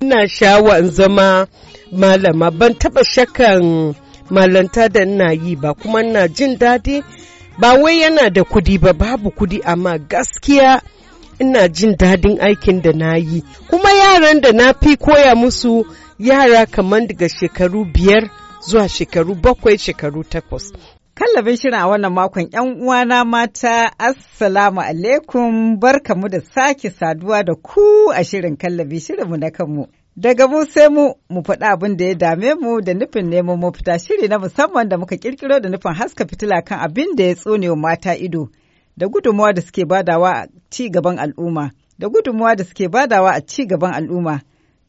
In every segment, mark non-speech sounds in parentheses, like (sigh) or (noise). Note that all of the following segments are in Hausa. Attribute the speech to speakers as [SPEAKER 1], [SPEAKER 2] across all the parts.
[SPEAKER 1] ina shawa in zama malama ban taba shakan malanta da ina yi ba kuma ina jin daɗi ba wai yana da kudi ba babu kudi amma gaskiya ina jin daɗin aikin da na yi kuma yaran da na fi koya musu yara kamar daga shekaru biyar zuwa shekaru
[SPEAKER 2] bakwai shekaru takwas. Kallabin shirin a wannan makon ‘yan uwana mata, Assalamu alaikum, barkamu da sake saduwa da ku a shirin kallabi shirinmu na kanmu. Daga mu sai mu mu faɗi abin da ya dame mu da nufin neman mafita shiri na musamman da muka kirkiro da nufin haska fitila kan abin da ya tsone wa mata ido da gudunmuwa da suke badawa a ci gaban al'umma. Da gudunmuwa da suke badawa a ci gaban al'umma.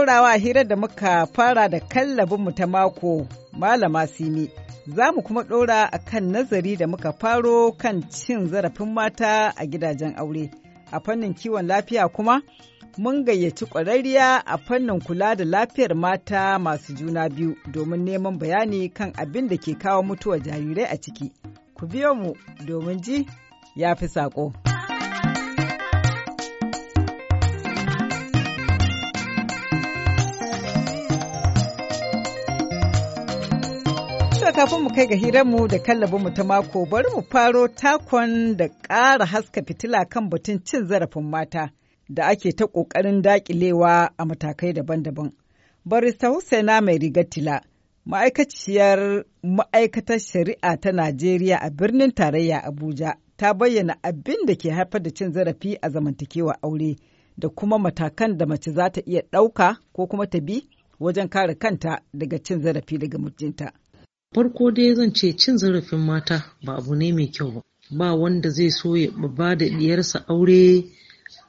[SPEAKER 2] saurawa hirar da muka fara da kallabinmu ta mako Malama Simi. Za mu kuma ɗora a kan nazari da muka faro kan cin zarafin mata a gidajen aure. A fannin kiwon lafiya kuma, mun gayyaci ƙwararriya a fannin kula da lafiyar mata masu juna biyu domin neman bayani kan abin da ke kawo mutuwar jarirai a ciki. Ku biyo mu domin ji ya fi saƙo. kafin mu kai ga hiranmu da mu ta mako bari mu faro takon da ƙara haska fitila kan batun cin zarafin mata da ake ta ƙoƙarin daƙilewa a matakai daban-daban. Barista Husaina mai rigar tila, ma'aikaciyar ma'aikatar shari'a ta Najeriya a birnin tarayya Abuja, ta bayyana abin da ke haifar da cin zarafi a zamantakewa aure da kuma matakan da mace za ta iya ɗauka ko kuma ta bi wajen kare kanta daga cin zarafi daga mijinta.
[SPEAKER 3] Farko dai zan ce cin zarafin mata ba abu ne mai kyau ba. Ba wanda zai so ya ba da diyarsa aure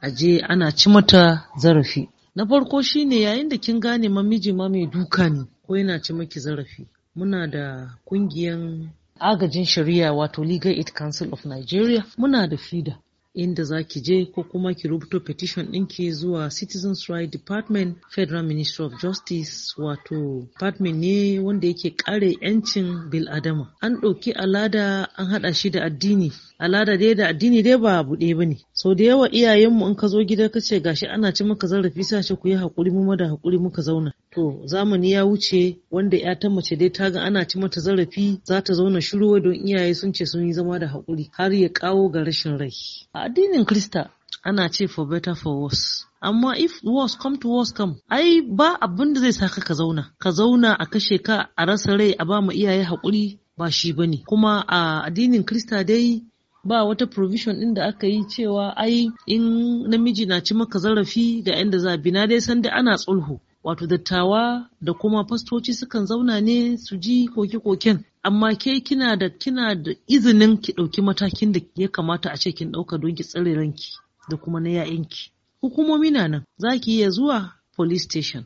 [SPEAKER 3] a je ana ci mata zarafi. Na farko shine yayin da kin gane mamiji ma mai duka ne ko yana ci maki zarafi. Muna da kungiyan agajin shari'a wato Legal Aid Council of Nigeria muna da FIDA inda za ki je ko kuma ki rubuto petition ɗinki zuwa Citizens Right Department Federal Ministry of Justice wato department ne wanda yake kare 'yancin bil'adama. An ɗauki alada an haɗa shi da addini. Alada dai da addini dai ba buɗe ba ne. Sau da yawa iyayenmu in ka zo gida ka ce gashi ana ci maka zarafi sa ku yi haƙuri mu da haƙuri muka zauna. To zamani ya wuce wanda ya ta mace dai ta ga ana ci mata zarafi za ta zauna shiru don iyaye sun ce sun yi zama da haƙuri har ya kawo ga rashin rai. A addinin Krista ana ce for better for worse. amma if worse come to worse come ai ba abin da zai saka ka zauna ka zauna a kashe ka a rasa rai a ba mu iyaye haƙuri ba shi ba ne. kuma a addinin krista dai ba wata provision ɗin da aka yi cewa ai in namiji na ci maka zarafi ga yanda za bi na dai sanda ana tsulhu wato dattawa da kuma fastoci sukan zauna ne su ji koke-koken amma ke kina da kina da izinin ki ɗauki matakin da ya kamata a ce kin ɗauka don ki tsare ranki da kuma na 'ya'yanki hukumomi na nan za ki iya zuwa police station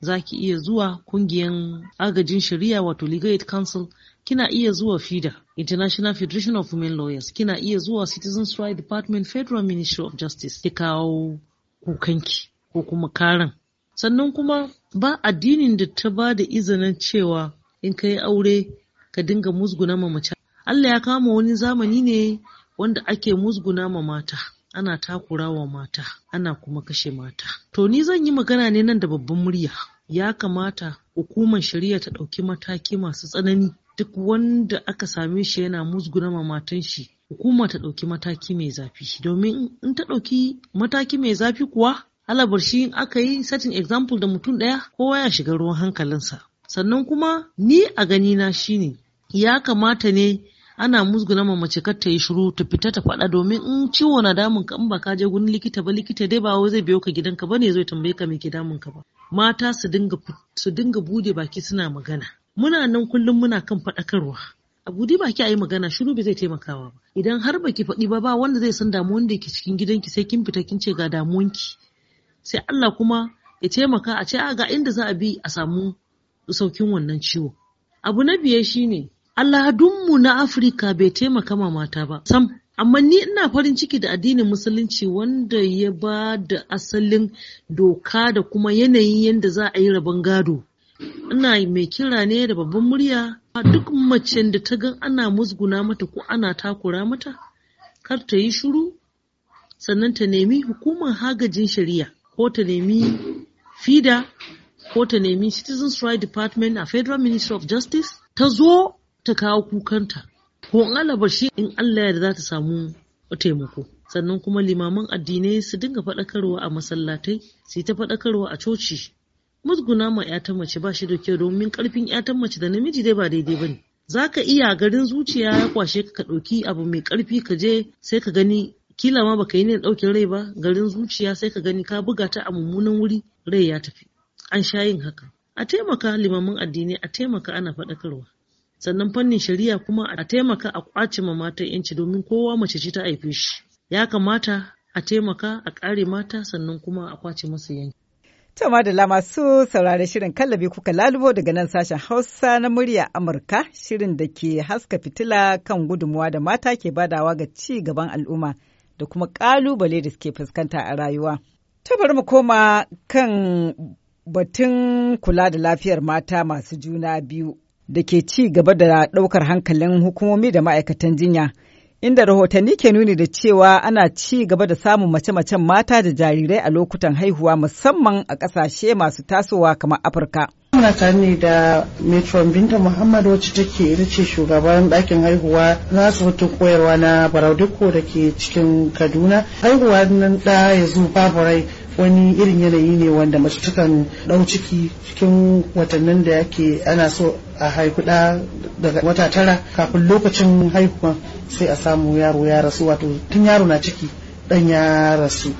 [SPEAKER 3] za ki iya zuwa kungiyan agajin shari'a wato legal aid council kina iya zuwa fida international federation of women lawyers kina iya zuwa citizens right department federal ministry of justice ki kawo kukanki ko kuma karan sannan kuma ba addinin da ta ba da izinin cewa in ka yi aure ka dinga musguna ma mace Allah ya kama wani zamani ne wanda ake musguna ma mata ana takura wa mata ana kuma kashe mata to ni zan yi magana ne nan da babban murya ya kamata hukumar shari'a ta ɗauki mataki masu tsanani duk wanda aka same shi yana musguna ma matan shi hukuma ta ɗauki mataki mai zafi domin in ta ɗauki mataki mai zafi kuwa alabar shi aka yi satin example da mutum ɗaya kowa ya shiga ruwan hankalinsa sannan kuma ni a gani na shine ya kamata ne ana musguna ma mace kar ta yi shiru ta fita ta faɗa domin in ciwo na damun ka in ba ka je gurin likita ba likita dai ba wai zai biyo ka gidan ka ba ne zai tambaye ka me ke damun ka ba mata su dinga su dinga bude baki suna magana muna nan kullum muna kan faɗakarwa a bude baki a yi magana shiru bai zai taimakawa ba idan har baki faɗi ba ba wanda zai san damuwan da ke cikin gidanki sai kin fita kin ce ga damuwanki sai Allah kuma ya taimaka a ce ga inda za a bi a samu saukin wannan ciwo abu na biye shi shine al'adunmu na afirka bai taimaka ma mata ba sam amma ni ina farin ciki da addinin musulunci wanda ya ba da asalin doka da kuma yanayin yadda za a yi rabon gado ina mai kira ne da babban murya duk mace da ta gan ana musguna mata ko ana takura mata kar ta yi shuru sannan ta nemi hukumar hagajin shari'a ko ta nemi fida ko ta nemi citizens right department a federal ministry of justice ta zo ta kawo kukanta ko in alaba shi in allah da za ta samu taimako sannan kuma limaman addinai su dinga faɗakarwa a masallatai su ta faɗakarwa a coci musguna ma ya mace ba shi da kyau domin karfin ya mace da namiji dai ba daidai bane ka iya garin zuciya ya kwashe ka ɗauki abu mai karfi ka je sai ka gani kila ma baka yi ne ɗaukin rai ba garin zuciya sai ka gani ka buga ta a mummunan wuri rai ya tafi an sha yin haka a taimaka limamin addini a taimaka ana faɗakarwa sannan fannin shari'a kuma a taimaka a kwace ma matan yanci domin kowa mace ce ta haife shi ya kamata a taimaka a ƙare mata sannan kuma a kwace masu yanki
[SPEAKER 2] To da masu saurari shirin kallabi kuka lalubo daga nan sashen Hausa na murya Amurka shirin da ke haska fitila kan gudunmuwa da mata ke badawa ga ci gaban al'umma. da kuma ƙalubale da suke fuskanta a rayuwa. Ta bari mu koma kan batun kula da lafiyar mata masu juna biyu da ke ci gaba da ɗaukar hankalin hukumomi da ma'aikatan jinya. inda rahotanni ke nuni da cewa ana ci gaba da samun mace-macen mata da jarirai a lokutan haihuwa musamman a ƙasashe masu tasowa kamar Afirka.
[SPEAKER 4] Muna tare ne da Metron Binta Muhammad wacce take ita ce shugaban ɗakin haihuwa na asibitin koyarwa na Baraudiko da ke cikin Kaduna. Haihuwa nan ɗa ya zo babu rai wani irin yanayi ne wanda mace takan ɗau ciki cikin watannin da yake ana so a haihu ɗa daga wata tara kafin lokacin haihuwa sai a samu yaro ya rasu wato tun yaro na ciki dan ya rasu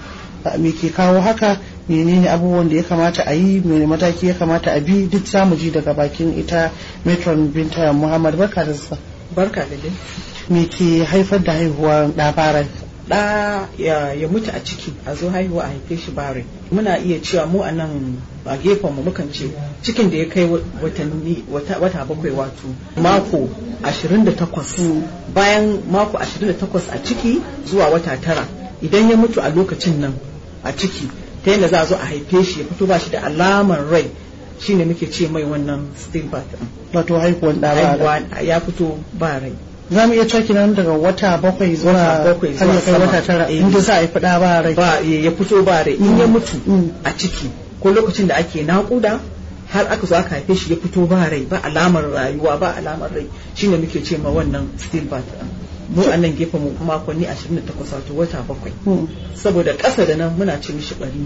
[SPEAKER 4] me ke kawo haka menene abubuwan da ya kamata a yi mene mataki ya kamata a bi duk zamu ji daga bakin ita metron binta muhammad barka da barka da me ke haifar da haihuwar ɗa ɗa ya, mutu a ciki a zo haihuwa a haife shi bare muna iya cewa mu a nan a gefen mu mukan ce cikin da ya kai watanni wata bakwai wato mako 28 bayan mako 28 a ciki zuwa wata tara idan ya mutu a lokacin nan a ciki ta yadda za a zo a haife shi ya fito ba shi da alamar rai shine muke ce mai wannan stillbirth wato haihuwan ɗa ya fito ba rai za mu iya cakina daga wata bakwai zuwa har ya kai wata tara inda za a yi fada ba rai ba eh, ya fito ba rai in ya mutu mm. a ciki ko lokacin da ake naƙuda har aka zo aka haife shi ya fito ba rai ba alamar rayuwa ba alamar rai shine muke ce ma wannan still birth mu a nan gefen mu makonni 28 wato wata bakwai mm. saboda ƙasa da nan muna ce mishi bari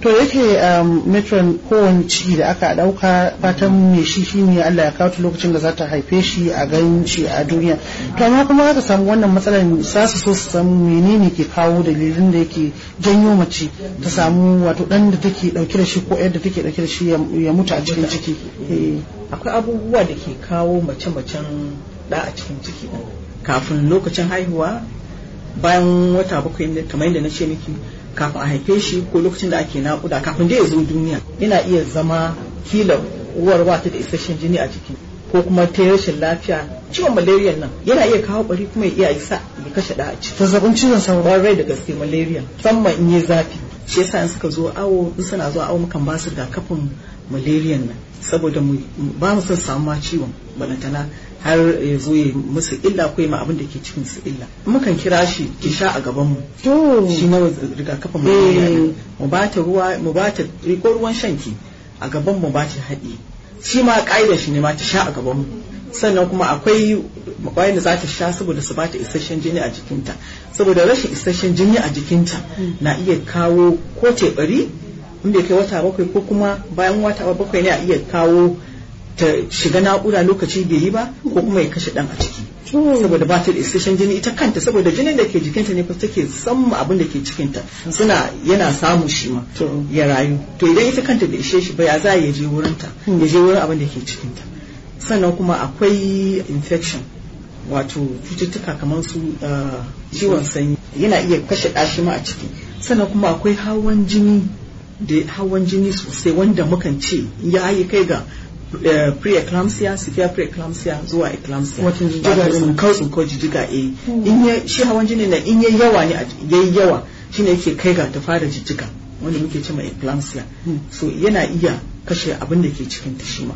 [SPEAKER 4] to yake metron um, kowane ciki da aka dauka fatan mai shi shine Allah ya kawo lokacin da za ta haife shi a ganin shi a duniya to amma kuma za ta samu wannan matsalar za su so su san menene ke kawo dalilin da yake janyo mace ta samu wato dan da take dauke da shi ko yadda take dauke da shi ya mutu a cikin ciki eh. akwai abubuwa da ke kawo mace-macen da a cikin ciki kafin lokacin haihuwa bayan wata bakwai kamar yadda na ce miki kafin a haife shi ko lokacin da ake naƙuda kafin da ya zo duniya yana iya zama kila uwar ta da isasshen jini a jiki ko kuma ta rashin lafiya ciwon malaria nan yana iya kawo bari kuma ya iya yi sa ya kashe da a ciki zazzabin cizon sauro rai da gaske malaria musamman in yi zafi shi yasa in suka zo awo in suna zuwa awo mukan basu su kafin. malaria nan saboda ba mu son samuwa ciwon balantana har ya zo ya musu illa ko ma abin da ke cikin su illa mukan kira shi ki sha a gaban mu shi na rigakafin malaria eh. mu ba ta ruwa mu ba ta riko ruwan shanki a gaban mu ba ta haɗi shi ma ƙa'idar shi ne ma ta sha a gaban mu sannan kuma akwai kwayoyin da za ta sha saboda su ba ta isasshen jini a jikinta saboda rashin isasshen jini a jikinta hmm. na iya kawo ko teɓari in bai wata bakwai ko kuma bayan wata bakwai ne a iya kawo ta shiga na'ura lokaci bai yi ba ko kuma ya kashe dan a ciki saboda ba ta da isasshen jini ita kanta saboda jinin da ke jikinta ne kusa take samu abin da ke cikinta suna yana samu shi ma ya rayu to idan ita kanta bai ishe shi ba ya za ya je wurinta hmm. ya je wurin abin da ke cikinta sannan kuma akwai infection wato cututtuka kamar su ah, ciwon sanyi yana iya kashe ɗashi ma a ciki sannan kuma akwai hawan jini da hawan jini sosai wanda mukan ce ya yi kai ga eh, pre-eclampsia severe pre-eclampsia zuwa eclampsia watan jijiga ne kan tsunkar jijiga eh. a shi hawan jini na in yayi yawa ne yayi yawa shine yake kai ga ta fara jijiga wanda muke cima eclampsia hmm. so yana iya kashe abin da ke cikin ta shi ma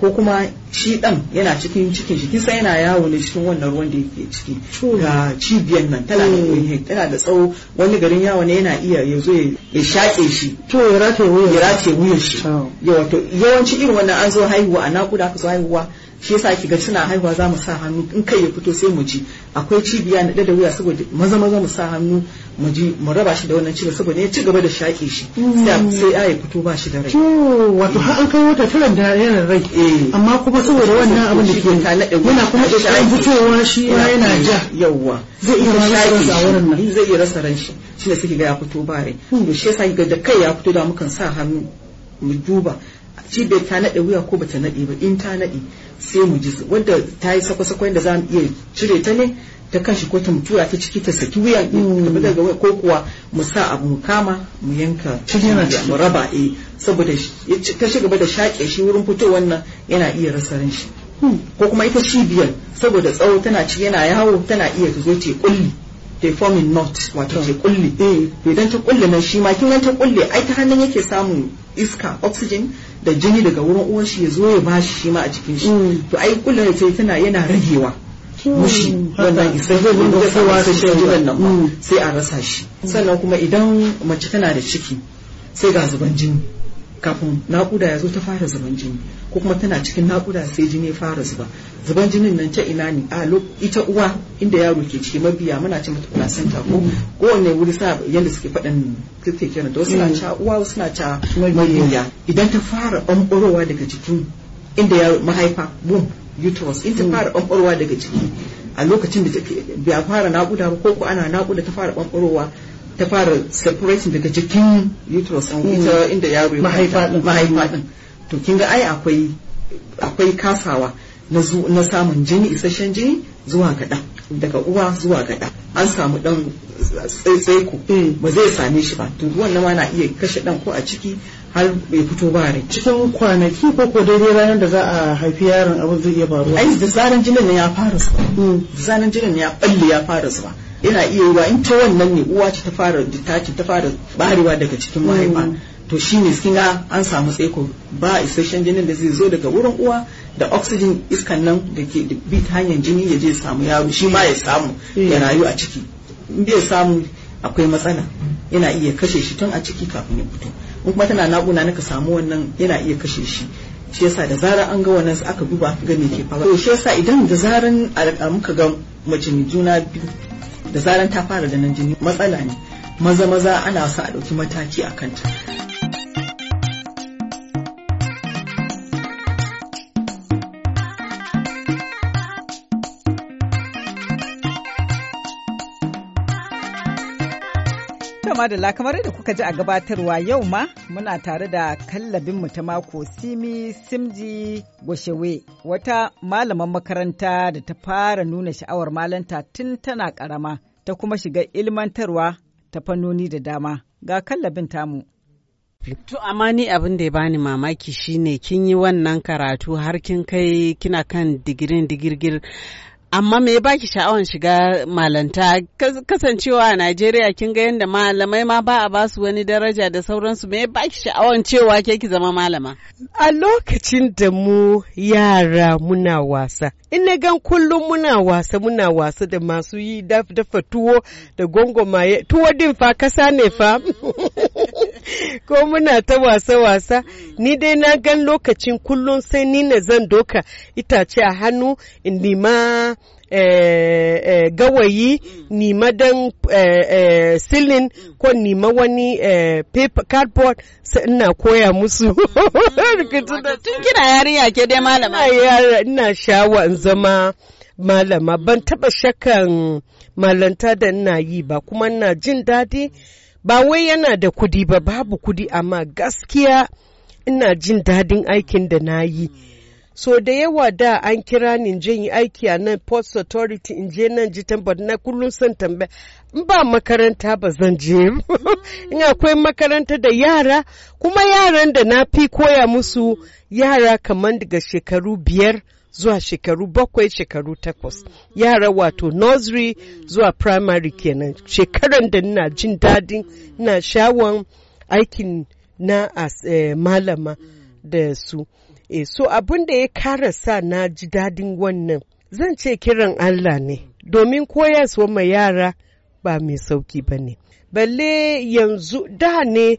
[SPEAKER 4] ko kuma shi dan yana cikin cikin shi kisa yana yawo ne cikin wannan ruwan da yake ciki ga cibiyar nan tana da eh. tana da tsawo wani garin yawo ne yana iya ya ya shaƙe shi to ya rataye wuyan shi ya wato yawanci irin wannan an zo haihuwa a nakuda aka zo haihuwa shi yasa ki ga haihuwa za mu sa hannu in kai ya fito sai mu ji akwai cibiya na da wuya saboda maza maza mu sa hannu mu ji mu raba shi da wannan cibiya saboda ya ci gaba da shaƙe shi sai mm. ya fito ba shi da rai wato har an kai wata taran da yana rai eh. amma kuma saboda wannan abin da ke yana kuma ƙoƙarin fitowa shi ma yana ja yawwa zai iya rasa shi zai iya rasa ran shi shi ne suke ga ya fito ba rai hmm. to shi yasa ga da kai ya fito da mukan sa hannu mu duba cibiyar ta naɗe wuya ko bata naɗe ba in ta naɗe sai mu ji wanda ta yi sakwasakwa yadda za mu iya cire ta ne ta kan shi ko ta mutura ta ciki ta saki wuyan tafi daga wuya ko kuwa mu sa abu mu kama mu yanka mu raba eh saboda ta shiga da shaƙe shi wurin fito wannan yana iya rasa ran shi hmm. ko kuma ita cibiyar saboda tsawo tana ci yana yawo tana iya ta zo ce kulli ta formin knot wato ce kulli eh. idan ta kulli nan shi ma kin ta kulle ai ta hannun yake samun iska oxygen da jini daga wurin uwar shi ya zo ya bashi shi ma a cikin shi mm. to ai kullum sai tana yana ragewa mm. mushi wannan isa sawa sai shan nan sai a rasa shi sannan kuma idan mace tana da ciki sai ga zuban jini kafin nakuda ya zo ta fara zuban jini ko kuma tana cikin nakuda sai jini ya fara zuba zuban jinin nan ta ina ne a ita uwa inda yaro ke ciki mabiya muna ce mata placenta ko mm. kowane wuri sa yanda suke faɗin suke kiran mm. wasu suna ca uwa wasu na mabiya idan ta fara ɓamɓarowa daga jikin inda ya mahaifa boom uterus in ta mm. fara daga jiki a lokacin da ya fara nakuda ko ko ana nakuda ta fara ɓamɓarowa ta fara separation daga jikin uterus mm. ita inda yaro ya mahaifa din to kin ga ai akwai akwai kasawa na samun jini isasshen jini zuwa ga daga uwa zuwa ga an samu dan ku mm. ba zai same shi ba to wannan ma na iya kashe dan ko a ciki har bai fito ba rai cikin kwanaki ko ko daidai ranar da za a haifi yaron abu zai iya faruwa ai da zaran jinin ya fara zuwa mm. da zaran jinin ya balle ya fara zuwa yana iya yiwa in ta wannan ne uwa ce ta fara ta ta fara barewa daga cikin mahaifa mm. to shine sun ga an samu tsaiko ba isasshen jinin da zai zo daga wurin uwa da oxygen iskan nan da ke bi ta hanyar jini ya je samu yaro shi ma ya samu ya mm. rayu a ciki in bai samu akwai matsala yana iya kashe shi tun a ciki kafin ya fito in kuma tana nakuna naka samu wannan yana iya kashe shi shi yasa da zarar an ga wannan aka duba ga me ke faruwa to shi yasa idan da zaran muka ga mace juna biyu da zaran ta fara ganin jini matsala ne maza maza ana sa a ɗauki mataki a kanta
[SPEAKER 2] da lakamar da kuka ji a gabatarwa yau ma muna tare da kallabin ta mako Simi Simji Gwashewe wata malaman makaranta da ta fara nuna sha'awar malanta tun tana karama ta kuma shiga ilmantarwa ta fannoni da dama ga kallabin tamu.
[SPEAKER 1] To amma ni abin da ya bani mamaki shine kin yi wannan karatu har kin kai kina kan digirin digirgir Amma me ya baki sha'awan shiga malanta kasancewa a Najeriya kin ga yadda malamai ma ba a basu wani daraja da sauransu me ya baki sha'awan cewa ke ki zama malama? A lokacin da mu yara muna wasa, in na gan kullum muna wasa muna wasa da masu yi dafa tuwo da gwangwamaye tuwo din fa kasa ne fa. Mm. (laughs) ko muna ta wasa-wasa ni dai na gan lokacin kullum sai ni na zan doka itace a hannu in nima eh, eh, gawayi nima don eh, silin ko nima wani paper cardboard sai ina koya musu mm, mm, (laughs) mm. tun kina yarinya ke dai malama ina shawa in zama malama ban taba shakan malanta da ina yi ba kuma ina jin daɗi ba wai yana da kudi ba babu kudi amma gaskiya ina jin dadin aikin da na yi so da yawa da an kira ni je yi aiki a nan post authority in je nan ji tambar na kullum san tambaya in ba makaranta ba zan je (laughs) in akwai makaranta da yara kuma yaran da na fi koya musu yara kamar daga shekaru biyar zuwa shekaru bakwai shekaru takwas yara wato nursery zuwa primary kenan shekaran da nina jin dadin na shawon aikin na as eh, malama da su eh, so abun da ya kara sa na ji dadin wannan zan ce kiran allah ne domin koyaswa ma yara ba mai sauki ba ne balle yanzu da ne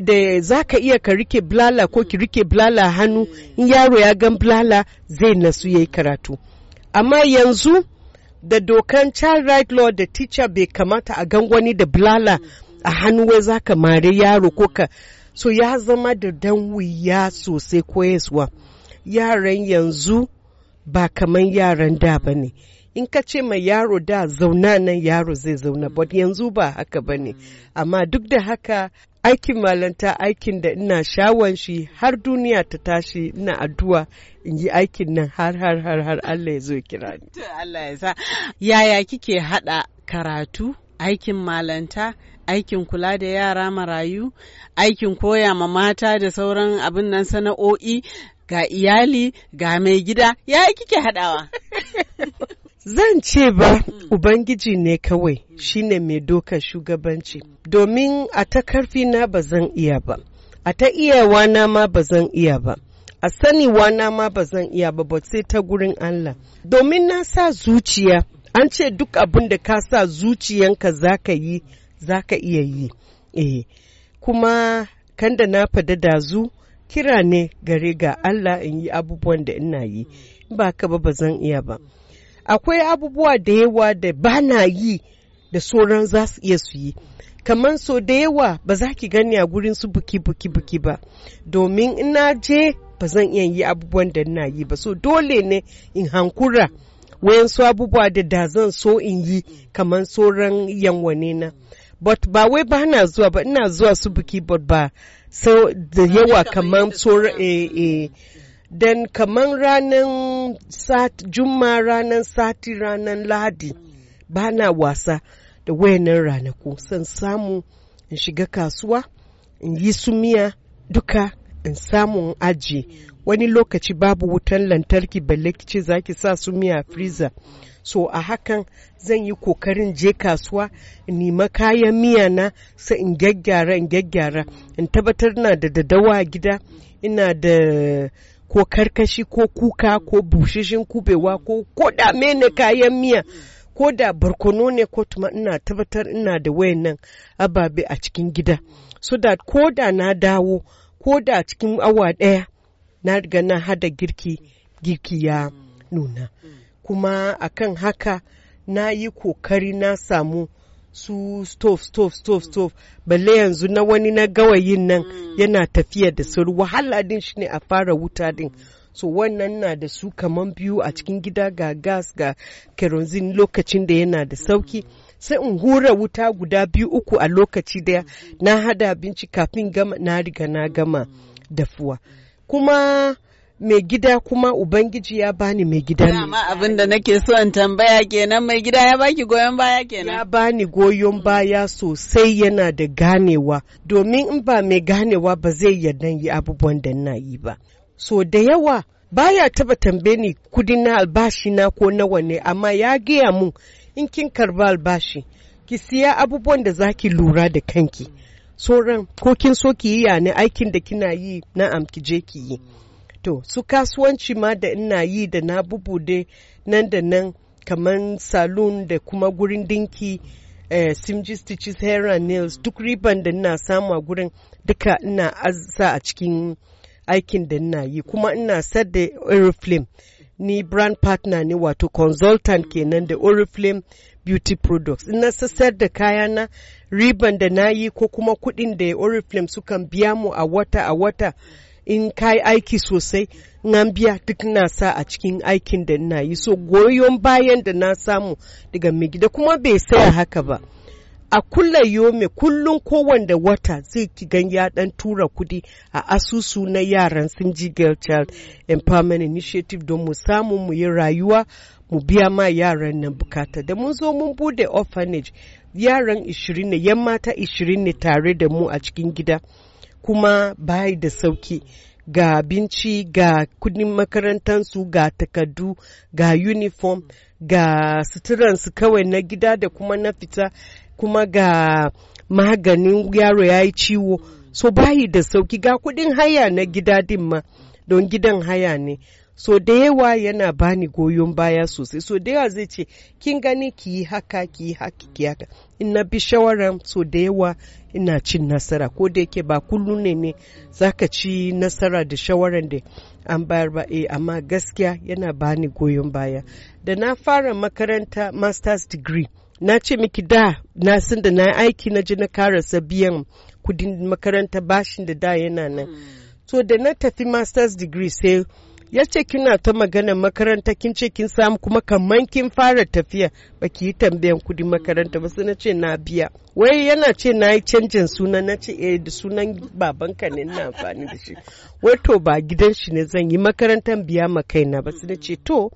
[SPEAKER 1] da za ka iya ka rike blala ko ki rike blala hannu in yaro ya gan blala zai nasu ya yi karatu amma yanzu da dokan child right law da teacher bai kamata a gangwani da blala a hannu wai za ka mare yaro ko ka so ya zama da dan wuya sosai koyaswa yaran yanzu ba kaman yaran da ba ne in ka ce ma yaro da zauna nan yaro zai zauna but yanzu ba haka ba ne amma duk da haka aikin malanta aikin da ina shawon shi har duniya ta tashi ina addu'a in yi aikin nan har har har har Allah ya zo kira ni.
[SPEAKER 2] (laughs) Allah ya sa.
[SPEAKER 1] Yaya kike haɗa karatu, aikin malanta, aikin kula da yara marayu, aikin koya ma mata da sauran abin nan
[SPEAKER 2] sana'o'i ga iyali ga mai gida, yaya kike haɗawa?
[SPEAKER 1] (laughs) Zan ce ba, mm. Ubangiji ne kawai shine mai dokar shugabanci, domin a ta karfi na ba zan iya ba, a ta iyawa na ma ba zan iya ba. a saniwa na ma ba zan iya ba sai ta gurin Allah. Domin na sa zuciya, an ce duk abin da ka sa zuciyanka za ka yi, za ka iya yi. Eh, kuma kan da na fada zu kira ne gare ga Allah in yi abubuwan da ina yi, ba ka ba ba zan iya ba. akwai abubuwa da yawa da ba na yi da sauran za su iya su yi kamar so da yawa ba za ki gani a gurin su buki buki buki ba domin ina je ba zan iya yi abubuwan da na yi ba so dole ne in hankura wayansu abubuwa da da zan so in yi kamar sauran yanwane na but ba wai ba na zuwa ba ina zuwa su buki but ba so da yawa kamar sauran eh, eh, dan kamar ranar sat juma ranar sati ranar lahadi ba na wasa da wayannan ranaku san samu in shiga kasuwa in yi su miya duka in samu in aji wani lokaci babu wutan lantarki balle kice zaki sa su miya freezer so a hakan zan yi kokarin je kasuwa in nima kayan miya na sai in gyaggyara in gyaggyara in tabbatar na da dadawa gida ina da ko karkashi ko kuka ko bushishin kubewa ko koda mene kayan miya ko da barkono ne ko tuma ina tabbatar ina da wayannan ababe a cikin gida so da ko da na dawo ko da cikin awa ɗaya na riga na hada girki girki ya nuna kuma akan haka na yi kokari na samu su stove stove stove stove balle yanzu na wani na gawayin nan mm. yana tafiya da sauri wahala din shine a fara wuta din mm. so wannan na da su kaman biyu a cikin gida ga gas ga kerosene lokacin da yana da sauki mm. sai in hura wuta guda biyu uku a lokaci daya na hada abinci kafin gama na riga na gama dafuwa kuma mai gida kuma ubangiji ya bani mai gida ne. Amma abin da nake so in
[SPEAKER 2] tambaya kenan mai gida ya baki goyon baya
[SPEAKER 1] kenan. Ya bani goyon baya sosai yana da ganewa domin in ba mai ganewa ba zai yarda yi abubuwan da na yi ba. So da yawa baya taba tambaye ni kudin na albashi na ko nawa ne amma ya gaya mun in kin karba albashi ki siya abubuwan da zaki lura da kanki. Sauran ko kin so ki yi ya ne aikin da kina yi na amkije je ki yi. to su kasuwanci ma da ina yi da na bubude nan da nan kamar saloon da kuma gurin dinki eh, simji hair and nails duk riban da ina samu a gurin duka ina sa a cikin aikin da ina yi kuma ina da oriflame ni brand partner ne wato consultant kenan da oriflame beauty products ina sassar da kayana riban da na yi ko kuma kuɗin da oriflame sukan biya mu a wata a wata in ka aiki sosai an biya duk na sa a cikin aikin da na yi so goyon bayan da na samu daga mai kuma bai saya haka ba a kulla yome kullum kowanne wata zai ki gan ya dan tura kudi a asusu na yaran sun ji girl child empowerment initiative don mu samu mu yi rayuwa mu biya ma yaran nan bukata da mun zo mun bude orphanage yaran 20 ne yan mata 20 ne tare da mu a cikin gida kuma bai da sauki ga binci, ga kudin makarantansu ga takardu ga uniform ga suturansu kawai na gida da kuma na fita kuma ga maganin yaro ya yi ciwo so bayi da sauki ga kudin haya na gida din ma don gidan haya ne so da yawa yana bani goyon baya sosai so da yawa zai ce kin gani ki yi haka ki yi haka ki haka in na bi shawaran so da yawa ina cin nasara ko da yake ba kullum ne ne zaka ci nasara da shawaran da an bayar ba eh amma gaskiya yana bani goyon baya da na fara makaranta masters degree na ce miki da na san da na aiki na ji na karasa biyan kudin makaranta bashin da da yana nan hmm. so da na tafi masters degree sai ya ce kina ta magana makaranta kin ce kin samu kuma kamar kin fara tafiya ba ki yi tambayan kudin makaranta ba sai na ce na biya wai yana ce na yi canjin suna na ce eh da sunan babanka ne na amfani da shi wai to ba gidan shi ne zan yi makarantar biya ma kaina ba sai na ce to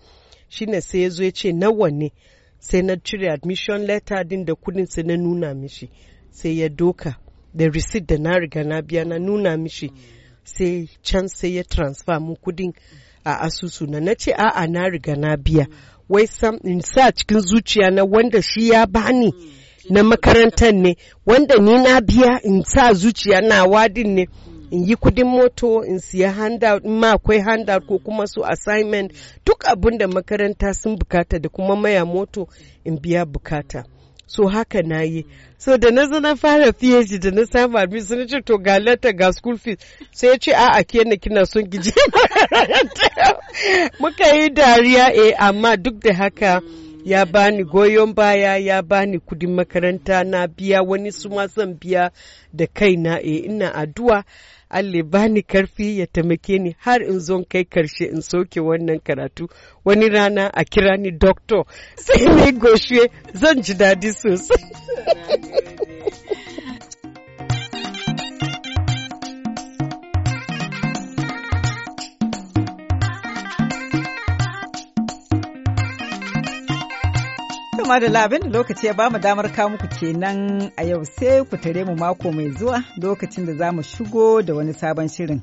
[SPEAKER 1] shi ne sai ya zo ya ce nawa ne sai na cire admission letter din da kudin sai na nuna mishi sai ya doka da receipt da na riga na biya na nuna mishi mm. sai can sai ya transfer mu kudin a asusu na na ce a'a na riga na biya wai sam in sa cikin zuciya na wanda shi ya bani mm, na makarantar ne wanda ni na biya in sa zuciya na wadin ne mm. in yi kudin moto in siya handout in ma akwai handout ko kuma su assignment duk abin makaranta sun bukata da kuma maya moto in biya bukata. so haka na yi so da na zana fara phd da na samu admission ce to ga lata ga school fees sai ya ce a'a ke na kina son ki je (laughs) muka yi dariya eh amma duk da haka ya bani goyon baya ya bani kudin makaranta na biya wani su ma biya da kaina eh ina addu'a Allah bani karfi ya taimake ni har in zo kai karshe in soke wannan karatu wani rana a kira ni doctor sai ni goshe zan ji dadi sosai (laughs)
[SPEAKER 2] Haka ma da labin lokaci ya bamu damar kawo muku kenan a yau sai ku tare mu mako mai zuwa lokacin da za mu shigo da wani sabon shirin.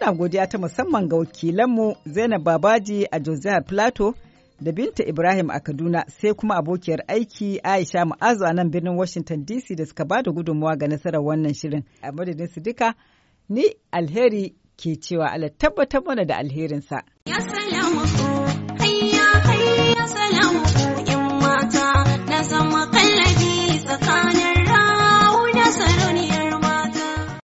[SPEAKER 2] Muna godiya ta musamman ga wakilanmu Zainab Babaji a josiah plato da Binta Ibrahim a Kaduna sai kuma abokiyar aiki Aisha Mu'azu a nan birnin Washington DC da suka bada gudunmawa ga nasarar wannan shirin. A madadin su duka, ni alheri ke cewa Allah tabbatar mana da alherinsa.
[SPEAKER 3] Yes,